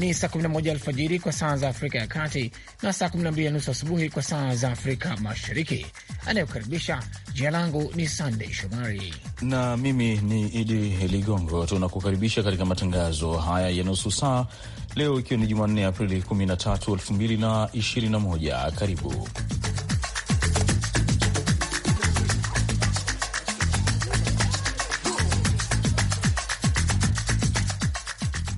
ni saa 11 alfajiri kwa saa za Afrika ya Kati na saa 12 nusu asubuhi kwa saa za Afrika Mashariki. Anayokaribisha, jina langu ni Sandey Shomari na mimi ni Idi Ligongo. Tunakukaribisha katika matangazo haya ya nusu saa leo, ikiwa ni Jumanne Aprili 13, 2021. Karibu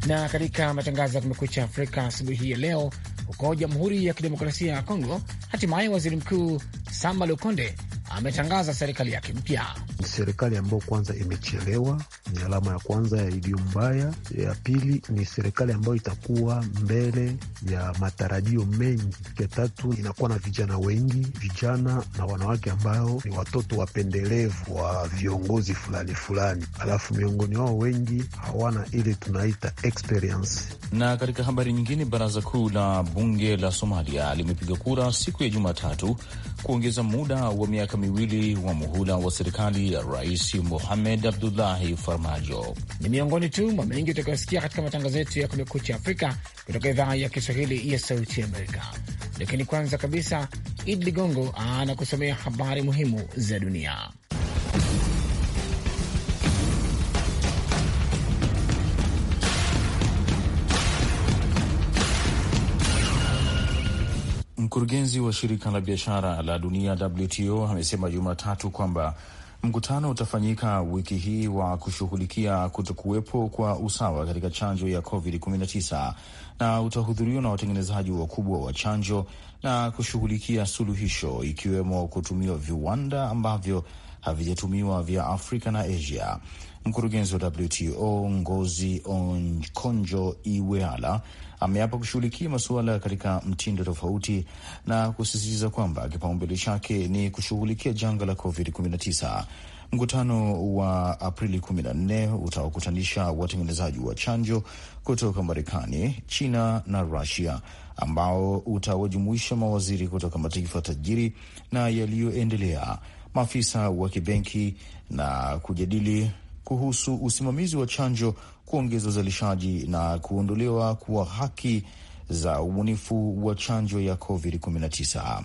Na katika matangazo ya Kumekucha Afrika asubuhi ya leo, huko Jamhuri ya Kidemokrasia ya Kongo, hatimaye waziri mkuu Samba Lukonde ametangaza serikali yake mpya. Ni serikali ambayo kwanza imechelewa, ni alama ya kwanza ya iliyo mbaya. Ya pili ni serikali ambayo itakuwa mbele ya matarajio mengi. Ya tatu inakuwa na vijana wengi, vijana na wanawake ambao ni watoto wapendelevu wa viongozi fulani fulani, alafu miongoni wao wengi hawana ile tunaita experience. Na katika habari nyingine, baraza kuu la bunge la Somalia limepiga kura siku ya Jumatatu kuongeza muda wa miaka miwili wa muhula wa serikali ya Rais Mohamed Abdullahi Farmajo. Ni miongoni tu mwa mengi utakayosikia katika matangazo yetu ya Kumekucha Afrika kutoka idhaa ya Kiswahili ya Sauti Amerika, lakini kwanza kabisa Idi Ligongo anakusomea habari muhimu za dunia. Mkurugenzi wa shirika la biashara la dunia WTO amesema Jumatatu kwamba mkutano utafanyika wiki hii wa kushughulikia kutokuwepo kwa usawa katika chanjo ya COVID-19 na utahudhuriwa na watengenezaji wakubwa wa chanjo na kushughulikia suluhisho, ikiwemo kutumiwa viwanda ambavyo havijatumiwa vya Afrika na Asia. Mkurugenzi wa WTO Ngozi Okonjo Iweala ameapa kushughulikia masuala katika mtindo tofauti na kusisitiza kwamba kipaumbele chake ni kushughulikia janga la COVID-19. Mkutano wa Aprili 14 utawakutanisha watengenezaji wa chanjo kutoka Marekani, China na Rusia, ambao utawajumuisha mawaziri kutoka mataifa tajiri na yaliyoendelea, maafisa wa kibenki na kujadili kuhusu usimamizi wa chanjo, kuongeza uzalishaji na kuondolewa kwa haki za ubunifu wa chanjo ya COVID-19.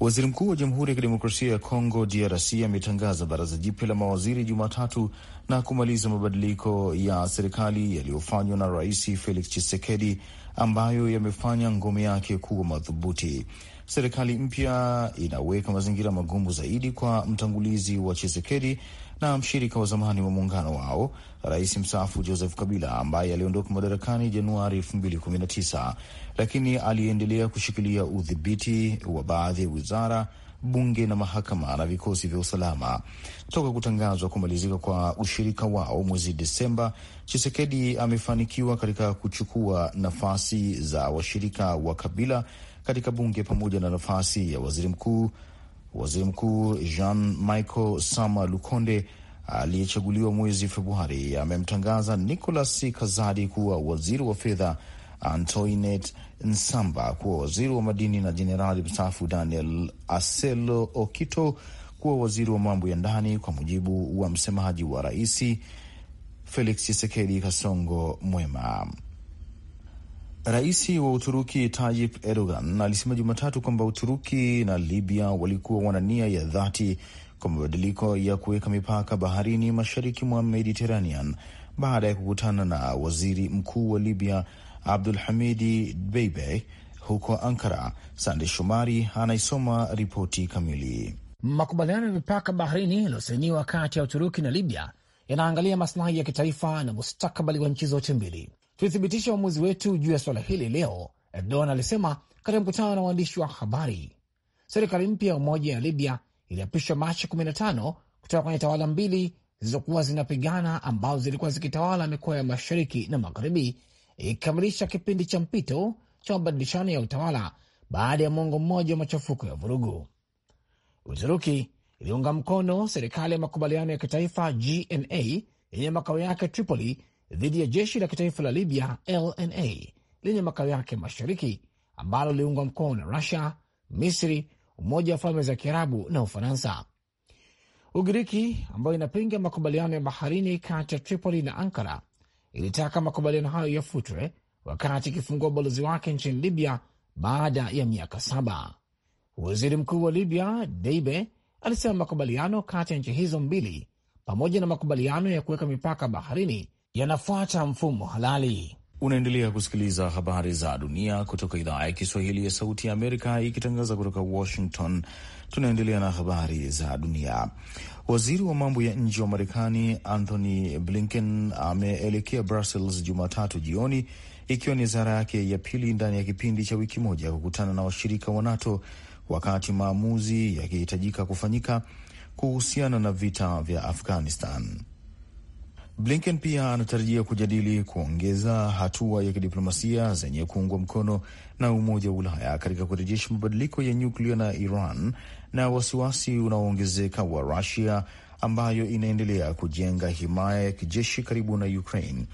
Waziri Mkuu wa Jamhuri ya Kidemokrasia ya Kongo, DRC, ametangaza baraza jipya la mawaziri Jumatatu na kumaliza mabadiliko ya serikali yaliyofanywa na Rais Felix Tshisekedi ambayo yamefanya ngome yake kuwa madhubuti serikali mpya inaweka mazingira magumu zaidi kwa mtangulizi wa Chisekedi na mshirika wa zamani wa muungano wao rais mstaafu Joseph Kabila ambaye aliondoka madarakani Januari 2019 lakini aliendelea kushikilia udhibiti wa baadhi ya wizara, bunge na mahakama na vikosi vya usalama. Toka kutangazwa kumalizika kwa ushirika wao mwezi Desemba, Chisekedi amefanikiwa katika kuchukua nafasi za washirika wa Kabila katika bunge pamoja na nafasi ya waziri mkuu. Waziri Mkuu Jean Michael Sama Lukonde aliyechaguliwa mwezi Februari amemtangaza Nicolas Kazadi kuwa waziri wa fedha, Antoinette Nsamba kuwa waziri wa madini na jenerali mstaafu Daniel Aselo Okito kuwa waziri wa mambo ya ndani, kwa mujibu wa msemaji wa raisi Felix Chisekedi Kasongo Mwema. Rais wa Uturuki Tayyip Erdogan alisema Jumatatu kwamba Uturuki na Libya walikuwa wana nia ya dhati kwa mabadiliko ya kuweka mipaka baharini mashariki mwa Mediterranean baada ya kukutana na waziri mkuu wa Libya Abdul Hamidi beibe huko Ankara. Sande Shomari anaisoma ripoti kamili. Makubaliano ya mipaka baharini yaliyosainiwa kati ya Uturuki na Libya yanaangalia maslahi ya kitaifa na mustakabali wa nchi zote mbili tulithibitisha uamuzi wetu juu ya suala hili leo, Erdogan alisema katika mkutano na waandishi wa habari. Serikali mpya ya umoja ya Libya iliapishwa Machi 15 kutoka kwenye tawala mbili zilizokuwa zinapigana ambazo zilikuwa zikitawala mikoa ya mashariki na magharibi, ikikamilisha kipindi cha mpito cha mabadilishano ya utawala baada ya mwongo mmoja wa machafuko ya vurugu. Uturuki iliunga mkono serikali ya makubaliano ya kitaifa GNA yenye makao yake Tripoli dhidi ya jeshi la kitaifa la Libya LNA lenye makao yake mashariki ambalo liliungwa mkono na Rusia, Misri, Umoja wa Falme za Kiarabu na Ufaransa. Ugiriki ambayo inapinga makubaliano ya baharini kati ya Tripoli na Ankara ilitaka makubaliano hayo yafutwe wakati ikifungua ubalozi wake nchini Libya baada ya miaka saba. Waziri Mkuu wa Libya Deibe alisema makubaliano kati ya nchi hizo mbili pamoja na makubaliano ya kuweka mipaka baharini yanafuata mfumo halali. Unaendelea kusikiliza habari za dunia kutoka idhaa ya Kiswahili ya Sauti ya Amerika ikitangaza kutoka Washington. Tunaendelea na habari za dunia. Waziri wa mambo ya nje wa Marekani Anthony Blinken ameelekea Brussels Jumatatu jioni ikiwa ni ziara yake ya pili ndani ya kipindi cha wiki moja kukutana na washirika wa NATO wakati maamuzi yakihitajika kufanyika kuhusiana na vita vya Afghanistan. Blinken pia anatarajia kujadili kuongeza hatua ya kidiplomasia zenye kuungwa mkono na Umoja wa Ulaya katika kurejesha mabadiliko ya nyuklia na Iran na wasiwasi unaoongezeka wa Rusia ambayo inaendelea kujenga himaya ya kijeshi karibu na Ukraine.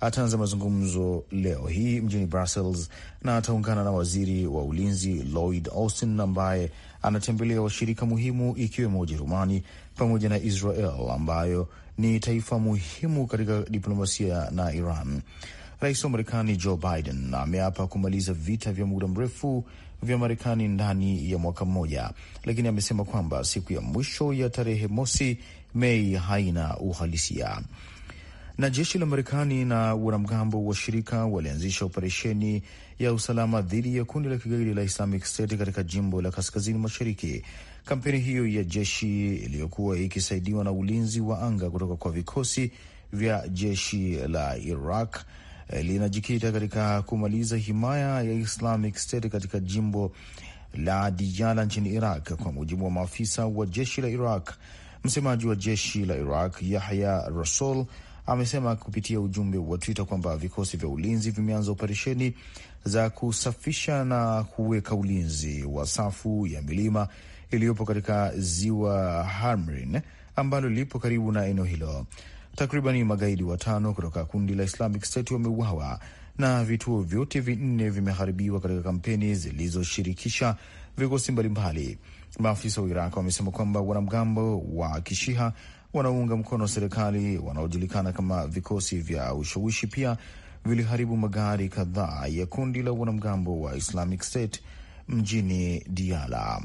Ataanza mazungumzo leo hii mjini Brussels na ataungana na waziri wa ulinzi Lloyd Austin ambaye anatembelea washirika muhimu ikiwemo Ujerumani pamoja na Israel ambayo ni taifa muhimu katika diplomasia na Iran. Rais wa Marekani Joe Biden ameapa kumaliza vita vya muda mrefu vya Marekani ndani ya mwaka mmoja, lakini amesema kwamba siku ya mwisho ya tarehe mosi Mei haina uhalisia. Na jeshi la Marekani na wanamgambo wa shirika walianzisha operesheni ya usalama dhidi ya kundi la kigaidi la Islamic State katika jimbo la kaskazini mashariki. Kampeni hiyo ya jeshi iliyokuwa ikisaidiwa na ulinzi wa anga kutoka kwa vikosi vya jeshi la Iraq eh, linajikita katika kumaliza himaya ya Islamic State katika jimbo la Diyala nchini Iraq, kwa mujibu wa maafisa wa jeshi la Iraq. Msemaji wa jeshi la Iraq Yahya Rasul amesema kupitia ujumbe wa Twitter kwamba vikosi vya ulinzi vimeanza operesheni za kusafisha na kuweka ulinzi wa safu ya milima iliyopo katika ziwa Hamrin ambalo lipo karibu na eneo hilo. Takribani magaidi watano kutoka kundi la Islamic State wameuawa na vituo vyote vinne vimeharibiwa katika kampeni zilizoshirikisha vikosi mbalimbali. Maafisa wa Iraq wamesema kwamba wanamgambo wa kishiha wanaounga mkono serikali wanaojulikana kama vikosi vya ushawishi pia viliharibu magari kadhaa ya kundi la wanamgambo wa Islamic State mjini diala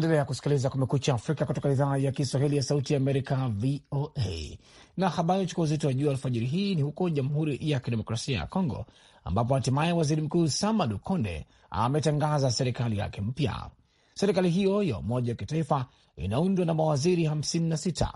Endelea kusikiliza Kumekucha Afrika kutoka idhaa ya Kiswahili ya Sauti ya Amerika, VOA. Na habari chukua uzito wa juu alfajiri hii ni huko Jamhuri ya Kidemokrasia ya Kongo, ambapo hatimaye waziri mkuu Sama Lukonde ametangaza serikali yake mpya. Serikali hiyo ya umoja wa kitaifa inaundwa na mawaziri 56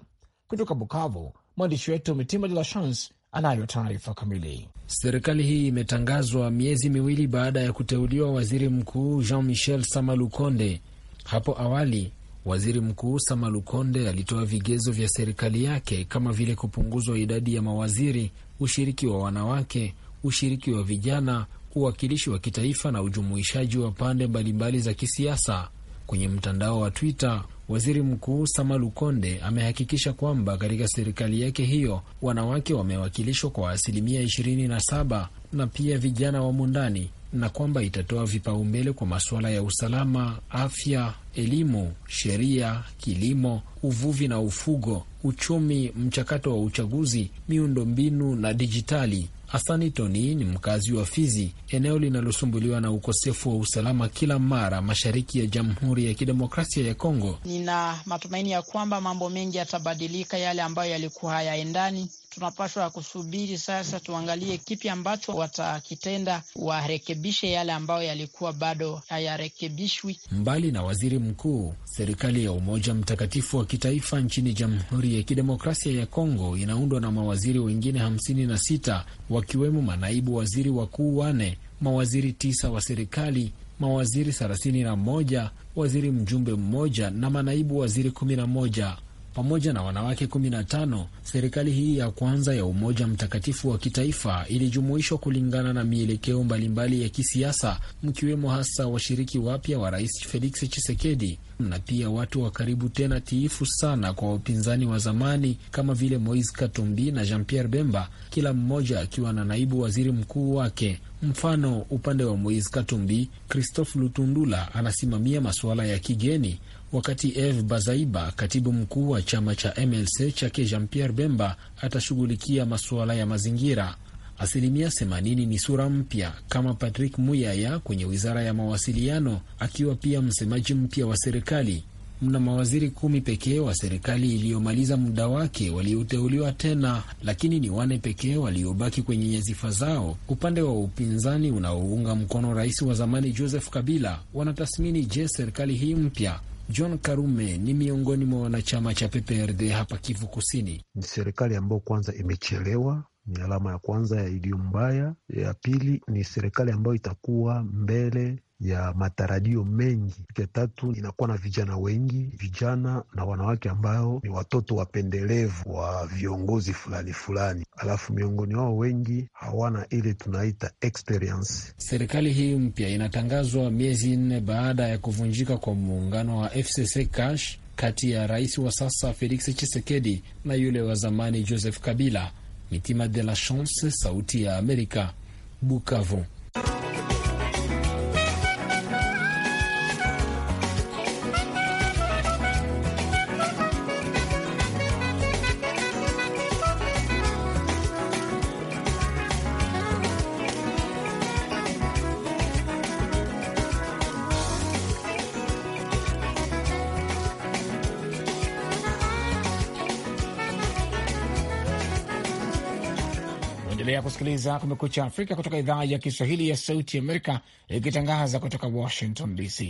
kutoka Bukavu. Mwandishi wetu Mitima De La Chance anayo taarifa kamili. Serikali hii imetangazwa miezi miwili baada ya kuteuliwa waziri mkuu Jean Michel Sama Lukonde hapo awali waziri mkuu Sama Lukonde alitoa vigezo vya serikali yake kama vile kupunguzwa idadi ya mawaziri, ushiriki wa wanawake, ushiriki wa vijana, uwakilishi wa kitaifa na ujumuishaji wa pande mbalimbali za kisiasa. Kwenye mtandao wa Twitter, waziri mkuu Sama Lukonde amehakikisha kwamba katika serikali yake hiyo wanawake wamewakilishwa kwa asilimia 27 na pia vijana wamo ndani na kwamba itatoa vipaumbele kwa masuala ya usalama, afya, elimu, sheria, kilimo, uvuvi na ufugo, uchumi, mchakato wa uchaguzi, miundombinu na dijitali. Asani Toni ni mkazi wa Fizi, eneo linalosumbuliwa na ukosefu wa usalama kila mara mashariki ya Jamhuri ya Kidemokrasia ya Kongo. Nina matumaini ya kwamba mambo mengi yatabadilika, yale ambayo yalikuwa hayaendani tunapaswa kusubiri sasa, tuangalie kipi ambacho watakitenda, warekebishe yale ambayo yalikuwa bado hayarekebishwi. Mbali na waziri mkuu, serikali ya umoja mtakatifu wa kitaifa nchini Jamhuri ya Kidemokrasia ya Kongo inaundwa na mawaziri wengine 56 wakiwemo manaibu waziri wakuu wane, mawaziri tisa wa serikali mawaziri thelathini na moja waziri mjumbe mmoja na manaibu waziri kumi na moja pamoja na wanawake 15. Serikali hii ya kwanza ya Umoja Mtakatifu wa Kitaifa ilijumuishwa kulingana na mielekeo mbalimbali ya kisiasa, mkiwemo hasa washiriki wapya wa Rais Felix Tshisekedi na pia watu wa karibu tena tiifu sana kwa wapinzani wa zamani kama vile Moise Katumbi na Jean Pierre Bemba, kila mmoja akiwa na naibu waziri mkuu wake. Mfano, upande wa Moise Katumbi, Christophe Lutundula anasimamia masuala ya kigeni wakati Eve Bazaiba, katibu mkuu wa chama cha MLC chake Jean Pierre Bemba, atashughulikia masuala ya mazingira. Asilimia 80 ni sura mpya kama Patrick Muyaya kwenye wizara ya mawasiliano, akiwa pia msemaji mpya wa serikali. Mna mawaziri kumi pekee wa serikali iliyomaliza muda wake walioteuliwa tena, lakini ni wane pekee waliobaki kwenye nyadhifa zao. Upande wa upinzani unaounga mkono rais wa zamani Joseph Kabila wanatathmini je, serikali hii mpya John Karume ni miongoni mwa wanachama cha PPRD hapa Kivu Kusini. Ni serikali ambayo kwanza imechelewa ni alama ya kwanza ya iliyo mbaya. Ya pili ni serikali ambayo itakuwa mbele ya matarajio mengi. Kitu ya tatu inakuwa na vijana wengi, vijana na wanawake ambao ni watoto wapendelevu wa viongozi fulani fulani, alafu miongoni wao wengi hawana ile tunaita experience. Serikali hii mpya inatangazwa miezi nne baada ya kuvunjika kwa muungano wa FCC Cash kati ya rais wa sasa Felix Chisekedi na yule wa zamani Joseph Kabila. Mitima de la Chance, Sauti ya Amerika, Bukavu. kusikiliza Kumekucha Afrika kutoka idhaa ya Kiswahili ya Sauti Amerika ikitangaza kutoka Washington DC.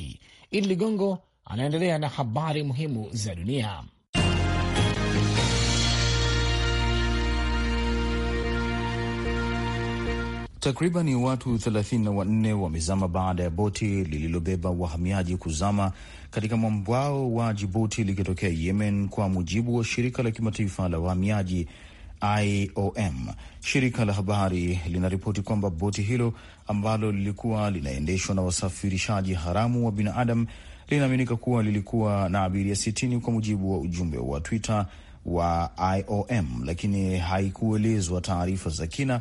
Idi Ligongo anaendelea na habari muhimu za dunia. Takriban watu 34 wamezama baada ya boti lililobeba wahamiaji kuzama katika mwambao wa Jibuti likitokea Yemen, kwa mujibu wa shirika la kimataifa la wahamiaji IOM. Shirika la habari linaripoti kwamba boti hilo ambalo lilikuwa linaendeshwa na wasafirishaji haramu wa binadamu linaaminika kuwa lilikuwa na abiria 60 kwa mujibu wa ujumbe wa Twitter wa IOM, lakini haikuelezwa taarifa za kina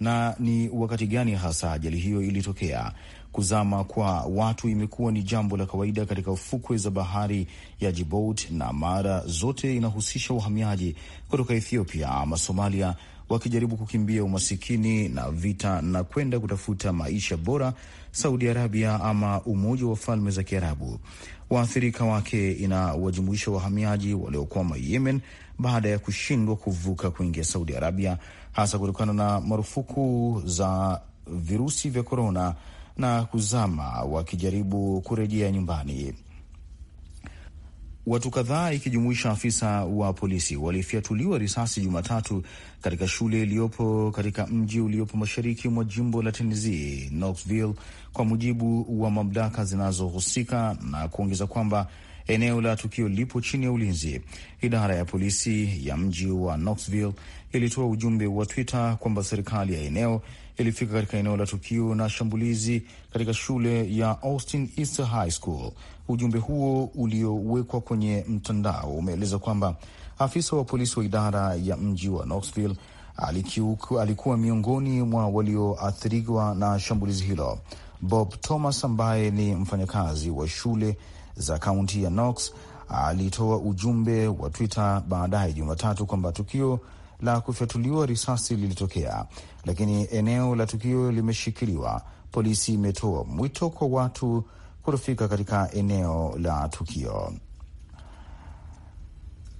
na ni wakati gani hasa ajali hiyo ilitokea. Kuzama kwa watu imekuwa ni jambo la kawaida katika fukwe za bahari ya Djibouti na mara zote inahusisha wahamiaji kutoka Ethiopia ama Somalia wakijaribu kukimbia umasikini na vita na kwenda kutafuta maisha bora Saudi Arabia ama Umoja wa Falme za Kiarabu. Waathirika wake inawajumuisha wahamiaji waliokwama Yemen baada ya kushindwa kuvuka kuingia Saudi Arabia, hasa kutokana na marufuku za virusi vya korona na kuzama wakijaribu kurejea nyumbani. Watu kadhaa ikijumuisha afisa wa polisi walifyatuliwa risasi Jumatatu katika shule iliyopo katika mji uliopo mashariki mwa jimbo la Tennessee, Knoxville, kwa mujibu wa mamlaka zinazohusika na kuongeza kwamba Eneo la tukio lipo chini ya ulinzi. Idara ya polisi ya mji wa Knoxville ilitoa ujumbe wa Twitter kwamba serikali ya eneo ilifika katika eneo la tukio na shambulizi katika shule ya Austin East High School. Ujumbe huo uliowekwa kwenye mtandao umeeleza kwamba afisa wa polisi wa idara ya mji wa Knoxville alikiuku, alikuwa miongoni mwa walioathiriwa na shambulizi hilo. Bob Thomas ambaye ni mfanyakazi wa shule za kaunti ya Knox alitoa ujumbe wa Twitter baadaye Jumatatu kwamba tukio la kufyatuliwa risasi lilitokea, lakini eneo la tukio limeshikiliwa. Polisi imetoa mwito kwa watu kutofika katika eneo la tukio.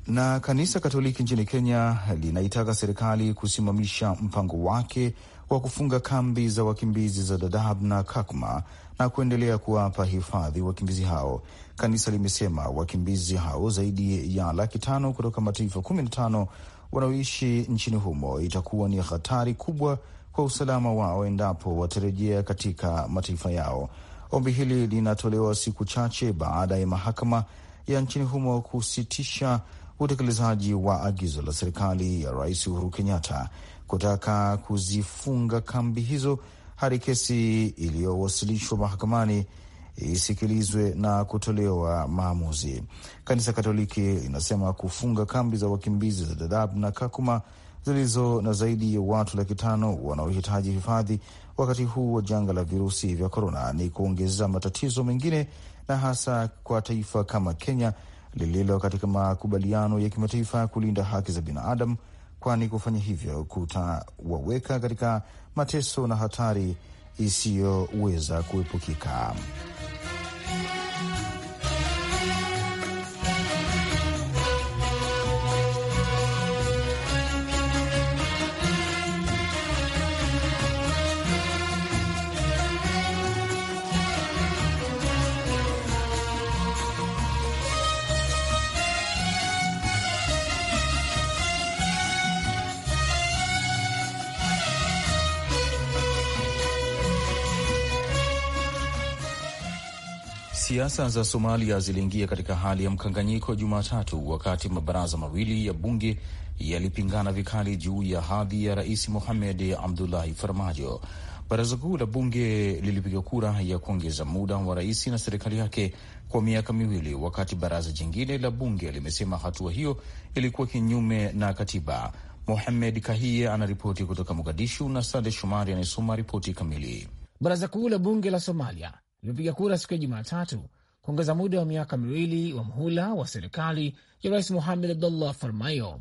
Na kanisa Katoliki nchini Kenya linaitaka serikali kusimamisha mpango wake wa kufunga kambi za wakimbizi za Dadaab na Kakuma na kuendelea kuwapa hifadhi wakimbizi hao. Kanisa limesema wakimbizi hao zaidi ya laki tano kutoka mataifa kumi na tano wanaoishi nchini humo itakuwa ni hatari kubwa kwa usalama wao endapo watarejea katika mataifa yao. Ombi hili linatolewa siku chache baada ya mahakama ya nchini humo kusitisha utekelezaji wa agizo la serikali ya Rais Uhuru Kenyatta kutaka kuzifunga kambi hizo hadi kesi iliyowasilishwa mahakamani isikilizwe na kutolewa maamuzi. Kanisa Katoliki linasema kufunga kambi za wakimbizi za Dadaab na Kakuma zilizo na zaidi ya watu laki tano wanaohitaji hifadhi wakati huu wa janga la virusi vya korona ni kuongeza matatizo mengine, na hasa kwa taifa kama Kenya lililo katika makubaliano ya kimataifa ya kulinda haki za binadamu, kwani kufanya hivyo kutawaweka katika mateso na hatari isiyoweza kuepukika. Siasa za Somalia ziliingia katika hali ya mkanganyiko Jumatatu wakati mabaraza mawili ya bunge yalipingana vikali juu ya hadhi ya Rais Mohamed Abdullahi Farmajo. Baraza kuu la bunge lilipiga kura ya kuongeza muda wa rais na serikali yake kwa miaka miwili, wakati baraza jingine la bunge limesema hatua hiyo ilikuwa kinyume na katiba. Mohamed Kahiye anaripoti kutoka Mogadishu na Sande Shomari anayesoma ripoti kamili. Baraza kuu la bunge la Somalia limepiga kura siku ya Jumatatu kuongeza muda wa miaka miwili wa mhula wa serikali ya rais Mohamed Abdullah Farmayo.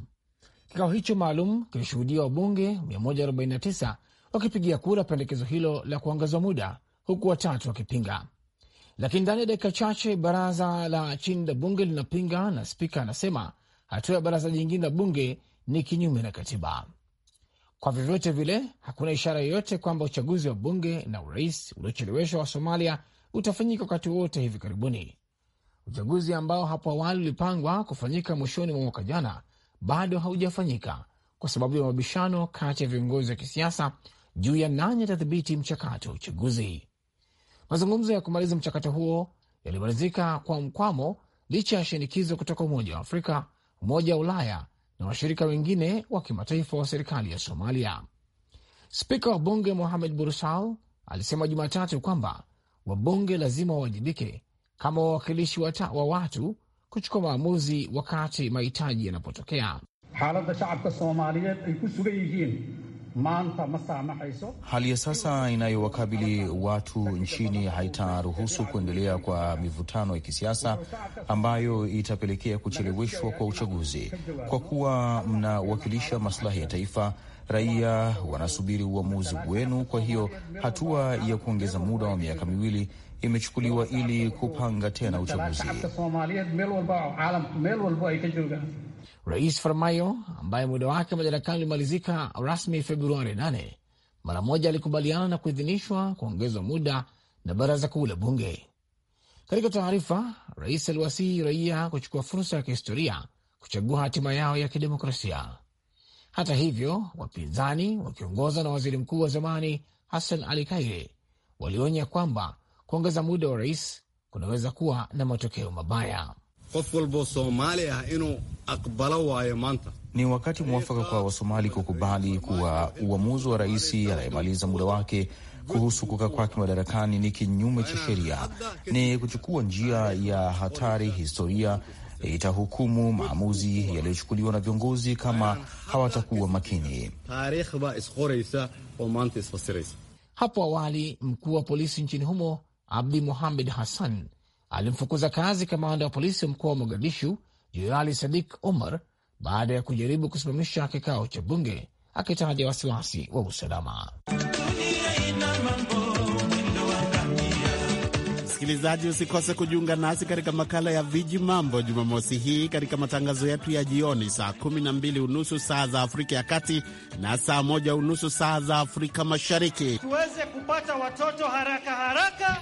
Kikao hicho maalum kilishuhudia wabunge 149 wakipigia kura pendekezo hilo la kuongezwa muda, huku watatu wakipinga. Lakini ndani ya dakika chache baraza la chini la bunge linapinga na spika anasema hatua ya baraza jingine la bunge ni kinyume na katiba. Kwa vyovyote vile, hakuna ishara yoyote kwamba uchaguzi wa bunge na urais uliocheleweshwa wa Somalia utafanyika wakati wote hivi karibuni. Uchaguzi ambao hapo awali ulipangwa kufanyika mwishoni mwa mwaka jana bado haujafanyika kwa sababu ya mabishano kati ya viongozi wa kisiasa juu ya nani atadhibiti mchakato wa uchaguzi. Mazungumzo ya kumaliza mchakato huo yalimalizika kwa mkwamo licha ya shinikizo kutoka Umoja wa Afrika, Umoja wa Ulaya na washirika wengine wa kimataifa wa serikali ya Somalia. Spika wa bunge Mohamed Bursal alisema Jumatatu kwamba wabunge lazima wawajibike kama wawakilishi wa watu kuchukua maamuzi wakati mahitaji yanapotokea. xaaladda shacabka soomaaliyeed ay ku sugan yihiin maanta ma Hali ya sasa inayowakabili watu nchini haitaruhusu kuendelea kwa mivutano ya kisiasa ambayo itapelekea kucheleweshwa kwa uchaguzi. Kwa kuwa mnawakilisha maslahi ya taifa, raia wanasubiri uamuzi wenu. Kwa hiyo hatua ya kuongeza muda wa miaka miwili imechukuliwa ili kupanga tena uchaguzi. Rais Farmayo ambaye muda wake madarakani ulimalizika rasmi Februari 8 mara moja alikubaliana na kuidhinishwa kuongezwa muda na baraza kuu la bunge. Katika taarifa, rais aliwasihi raia kuchukua fursa ya kihistoria kuchagua hatima yao ya kidemokrasia. Hata hivyo, wapinzani wakiongozwa na waziri mkuu wa zamani Hassan Ali Kaire walionya kwamba kuongeza muda wa rais kunaweza kuwa na matokeo mabaya qof Soomaali ah inuu aqbalo waayo maanta. Ni wakati mwafaka kwa Wasomali kukubali kuwa uamuzi wa rais anayemaliza muda wake kuhusu kukaa kwake madarakani ni kinyume cha sheria, ni kuchukua njia ya hatari. Historia itahukumu maamuzi yaliyochukuliwa na viongozi kama hawatakuwa makini. Hapo awali mkuu wa polisi nchini humo Abdi Muhamed Hassan alimfukuza kazi kamanda wa polisi wa mkoa wa Mogadishu Jenerali Sadik Omar baada ya kujaribu kusimamisha kikao cha bunge akitaja wasiwasi wa usalama. Msikilizaji, usikose kujiunga nasi katika makala ya Viji Mambo Jumamosi hii katika matangazo yetu ya jioni saa kumi na mbili unusu saa za Afrika ya Kati na saa moja unusu saa za Afrika Mashariki, tuweze kupata watoto haraka haraka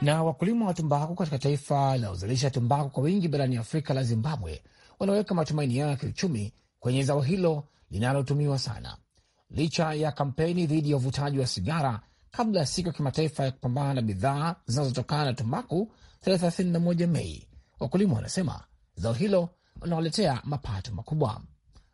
Na wakulima wa tumbaku katika taifa linalozalisha tumbaku kwa wingi barani Afrika la Zimbabwe wanaweka matumaini yao ya kiuchumi kwenye zao hilo linalotumiwa sana, licha ya kampeni dhidi ya uvutaji wa sigara kabla ya siku ya kimataifa ya kupambana na bidhaa zinazotokana na tumbaku 31 Mei. Wakulima wanasema zao hilo linawaletea mapato makubwa.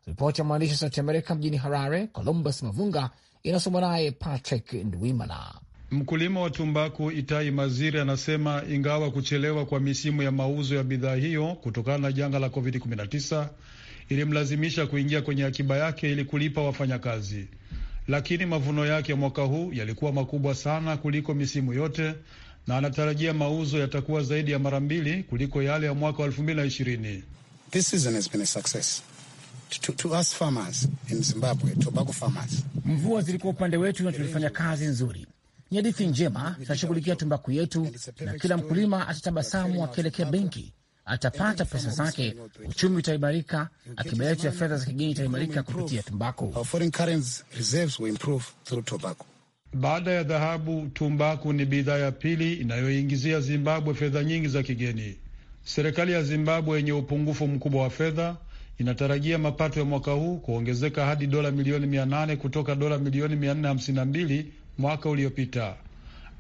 Ripoti ya mwandishi wa Sauti Amerika mjini Harare, Columbus Mavunga, inasomwa naye Patrick Ndwimana. Mkulima wa tumbaku Itai Maziri anasema ingawa kuchelewa kwa misimu ya mauzo ya bidhaa hiyo kutokana na janga la COVID-19 ilimlazimisha kuingia kwenye akiba yake ili kulipa wafanyakazi, lakini mavuno yake ya mwaka huu yalikuwa makubwa sana kuliko misimu yote na anatarajia mauzo yatakuwa zaidi ya mara mbili kuliko yale ya mwaka wa elfu mbili na ishirini. To, to us farmers in Zimbabwe, tobacco farmers. Mvua zilikuwa upande wetu na tulifanya kazi nzuri. Ni hadithi njema, tunashughulikia tumbaku yetu na kila mkulima atatabasamu akielekea benki, atapata pesa zake, uchumi utaimarika, akiba yetu ya fedha za kigeni itaimarika kupitia tumbaku. Baada ya dhahabu, tumbaku ni bidhaa ya pili inayoingizia Zimbabwe fedha nyingi za kigeni. Serikali ya Zimbabwe yenye upungufu mkubwa wa fedha inatarajia mapato ya mwaka huu kuongezeka hadi dola milioni mia nane kutoka dola milioni mia nne hamsini na mbili mwaka uliopita.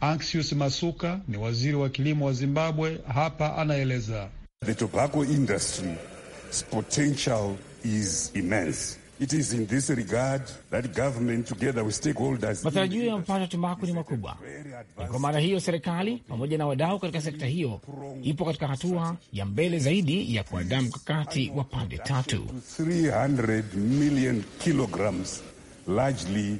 Anxius Masuka ni waziri wa kilimo wa Zimbabwe. Hapa anaeleza The tobacco industry's potential is immense. It is in this regard that government together with stakeholders. Matarajio ya mpato tumbaku ni makubwa, kwa maana hiyo serikali pamoja na wadau katika sekta hiyo ipo katika hatua ya mbele zaidi ya kuandaa mkakati wa pande tatu. 300 million kilograms largely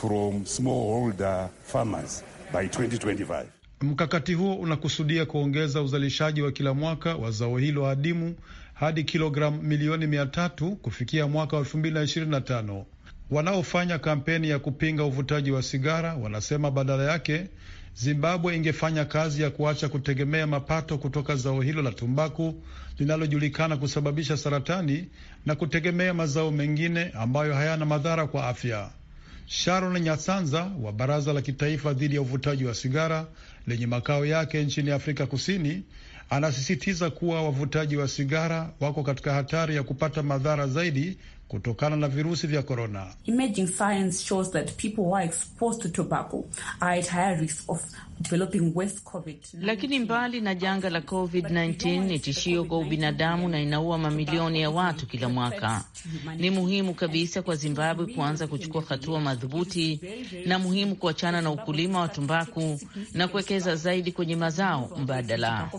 from smallholder farmers by 2025. Mkakati huo unakusudia kuongeza uzalishaji wa kila mwaka wa zao hilo adimu hadi kilogramu milioni mia tatu kufikia mwaka wa elfu na ishirini na tano. Wanaofanya kampeni ya kupinga uvutaji wa sigara wanasema badala yake Zimbabwe ingefanya kazi ya kuacha kutegemea mapato kutoka zao hilo la tumbaku linalojulikana kusababisha saratani na kutegemea mazao mengine ambayo hayana madhara kwa afya. Sharon Nyasanza wa Baraza la Kitaifa dhidi ya uvutaji wa sigara lenye makao yake nchini Afrika Kusini anasisitiza kuwa wavutaji wa sigara wako katika hatari ya kupata madhara zaidi kutokana na virusi vya korona. Lakini mbali na janga la COVID-19 ni tishio kwa ubinadamu na inaua mamilioni ya watu kila mwaka. Ni muhimu kabisa kwa Zimbabwe kuanza kuchukua hatua madhubuti na muhimu kuachana na ukulima wa tumbaku na kuwekeza zaidi kwenye mazao mbadala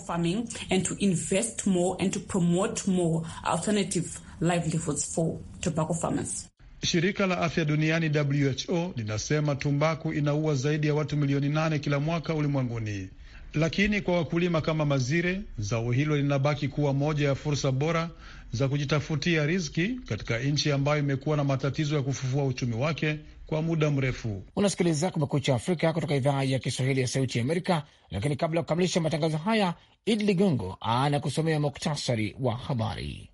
livelihoods for tobacco farmers. Shirika la afya duniani WHO linasema tumbaku inaua zaidi ya watu milioni nane kila mwaka ulimwenguni, lakini kwa wakulima kama Mazire, zao hilo linabaki kuwa moja ya fursa bora za kujitafutia riziki katika nchi ambayo imekuwa na matatizo ya kufufua uchumi wake kwa muda mrefu. Unasikiliza Kumekucha Afrika kutoka idhaa ya Kiswahili ya Sauti ya Amerika, lakini kabla ya kukamilisha matangazo haya, Idi Ligongo anakusomea muktasari wa habari.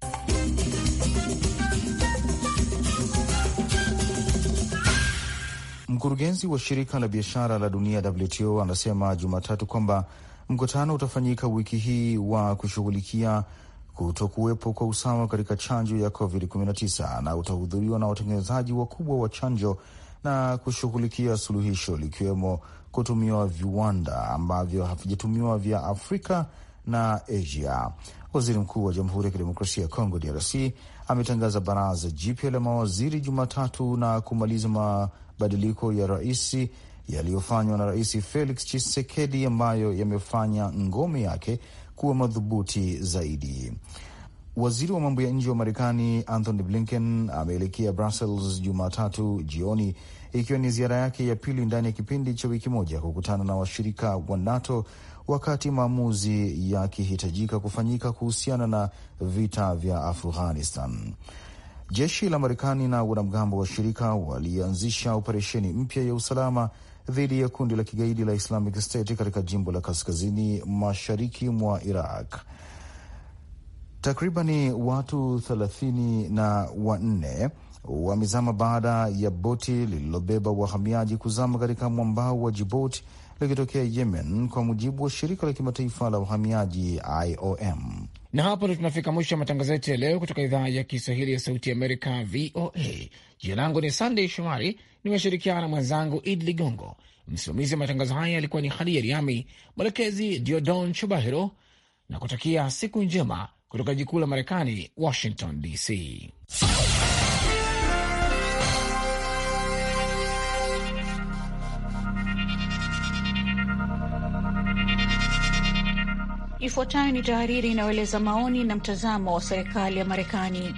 Mkurugenzi wa shirika la biashara la dunia WTO anasema Jumatatu kwamba mkutano utafanyika wiki hii wa kushughulikia kutokuwepo kwa usawa katika chanjo ya COVID-19 na utahudhuriwa na watengenezaji wakubwa wa chanjo na kushughulikia suluhisho likiwemo kutumiwa viwanda ambavyo havijatumiwa vya Afrika na Asia. Waziri Mkuu wa Jamhuri ya Kidemokrasia ya Kongo DRC ametangaza baraza jipya la mawaziri Jumatatu na kumaliza ma mabadiliko ya raisi yaliyofanywa na Rais Felix chisekedi ambayo yamefanya ngome yake kuwa madhubuti zaidi. Waziri wa mambo ya nje wa Marekani Anthony Blinken ameelekea Brussels Jumatatu jioni ikiwa ni ziara yake ya pili ndani ya kipindi cha wiki moja kukutana na washirika wa NATO wakati maamuzi yakihitajika kufanyika kuhusiana na vita vya Afghanistan. Jeshi la Marekani na wanamgambo wa shirika walianzisha operesheni mpya ya usalama dhidi ya kundi la kigaidi la Islamic State katika jimbo la kaskazini mashariki mwa Iraq. Takribani watu thelathini na wanne wamezama baada ya boti lililobeba wahamiaji kuzama katika mwambao wa Jiboti likitokea Yemen, kwa mujibu wa shirika la kimataifa la wahamiaji IOM. Na hapo ndo tunafika mwisho wa matangazo yetu ya leo kutoka idhaa ya Kiswahili ya Sauti Amerika, VOA. Jina langu ni Sandey Shomari, nimeshirikiana na mwenzangu Id Ligongo. Msimamizi wa matangazo haya alikuwa ni Hadi Riami, mwelekezi Diodon Chubahiro, na kutakia siku njema kutoka jikuu la Marekani, Washington DC. Ifuatayo ni tahariri inayoeleza maoni na mtazamo wa serikali ya Marekani.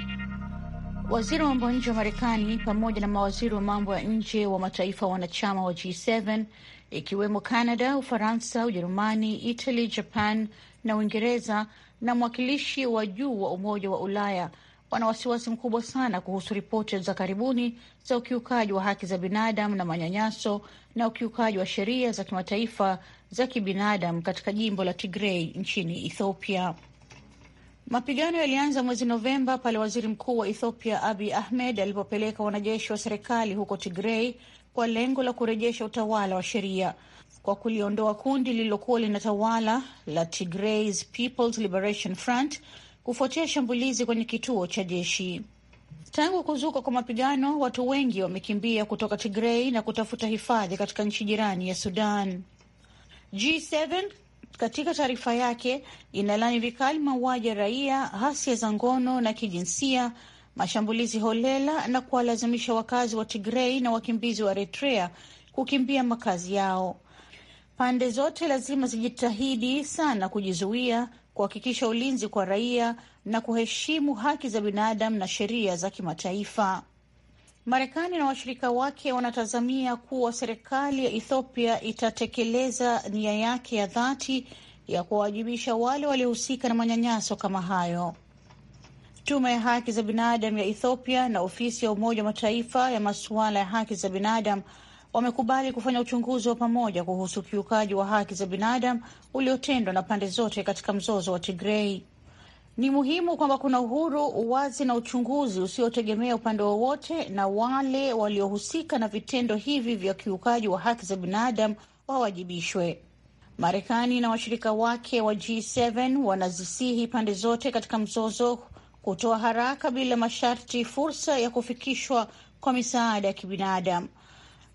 Waziri wa mambo ya nje wa Marekani pamoja na mawaziri wa mambo ya nje wa mataifa wanachama wa G7 ikiwemo Canada, Ufaransa, Ujerumani, Italy, Japan na Uingereza na mwakilishi wa juu wa Umoja wa Ulaya wana wasiwasi mkubwa sana kuhusu ripoti za karibuni za ukiukaji wa haki za binadamu na manyanyaso na ukiukaji wa sheria za kimataifa za kibinadamu katika jimbo la Tigrei nchini Ethiopia. Mapigano yalianza mwezi Novemba pale waziri mkuu wa Ethiopia Abi Ahmed alipopeleka wanajeshi wa serikali huko Tigrei kwa lengo la kurejesha utawala wa sheria kwa kuliondoa kundi lililokuwa linatawala la Tigray's People's Liberation Front kufuatia shambulizi kwenye kituo cha jeshi. Tangu kuzuka kwa mapigano, watu wengi wamekimbia kutoka Tigrei na kutafuta hifadhi katika nchi jirani ya Sudan. G7 katika taarifa yake inalani vikali mauaji ya raia, ghasia za ngono na kijinsia, mashambulizi holela na kuwalazimisha wakazi wa Tigrei na wakimbizi wa Eritrea kukimbia makazi yao. Pande zote lazima zijitahidi sana kujizuia, kuhakikisha ulinzi kwa raia na kuheshimu haki za binadamu na sheria za kimataifa. Marekani na washirika wake wanatazamia kuwa serikali ya Ethiopia itatekeleza nia yake ya dhati ya kuwawajibisha wale waliohusika na manyanyaso kama hayo. Tume ya haki za binadamu ya Ethiopia na ofisi ya Umoja wa Mataifa ya masuala ya haki za binadamu wamekubali kufanya uchunguzi wa pamoja kuhusu ukiukaji wa haki za binadamu uliotendwa na pande zote katika mzozo wa Tigrei. Ni muhimu kwamba kuna uhuru, uwazi na uchunguzi usiotegemea upande wowote, na wale waliohusika na vitendo hivi vya ukiukaji wa haki za binadamu wawajibishwe. Marekani na washirika wake wa G7 wanazisihi pande zote katika mzozo kutoa haraka bila masharti fursa ya kufikishwa kwa misaada ya kibinadamu.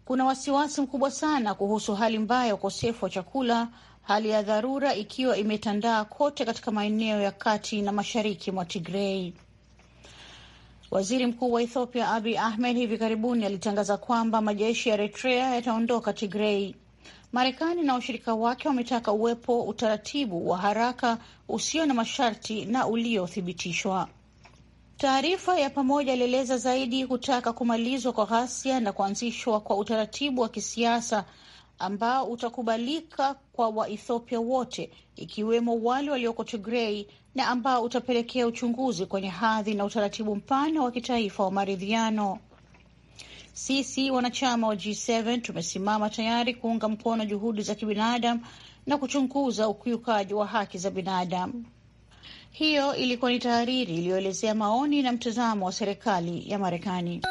Kuna wasiwasi mkubwa sana kuhusu hali mbaya ya ukosefu wa chakula hali ya dharura ikiwa imetandaa kote katika maeneo ya kati na mashariki mwa Tigrei. Waziri Mkuu wa Ethiopia abi Ahmed hivi karibuni alitangaza kwamba majeshi ya Eritrea yataondoka Tigrei. Marekani na washirika wake wametaka uwepo utaratibu wa haraka usio na masharti na uliothibitishwa. Taarifa ya pamoja ilieleza zaidi kutaka kumalizwa kwa ghasia na kuanzishwa kwa utaratibu wa kisiasa ambao utakubalika kwa Waethiopia wote ikiwemo wale walioko Tigrei na ambao utapelekea uchunguzi kwenye hadhi na utaratibu mpana wa kitaifa wa maridhiano. Sisi wanachama wa G7 tumesimama tayari kuunga mkono juhudi za kibinadamu na kuchunguza ukiukaji wa haki za binadamu. Hiyo ilikuwa ni tahariri iliyoelezea maoni na mtazamo wa serikali ya Marekani.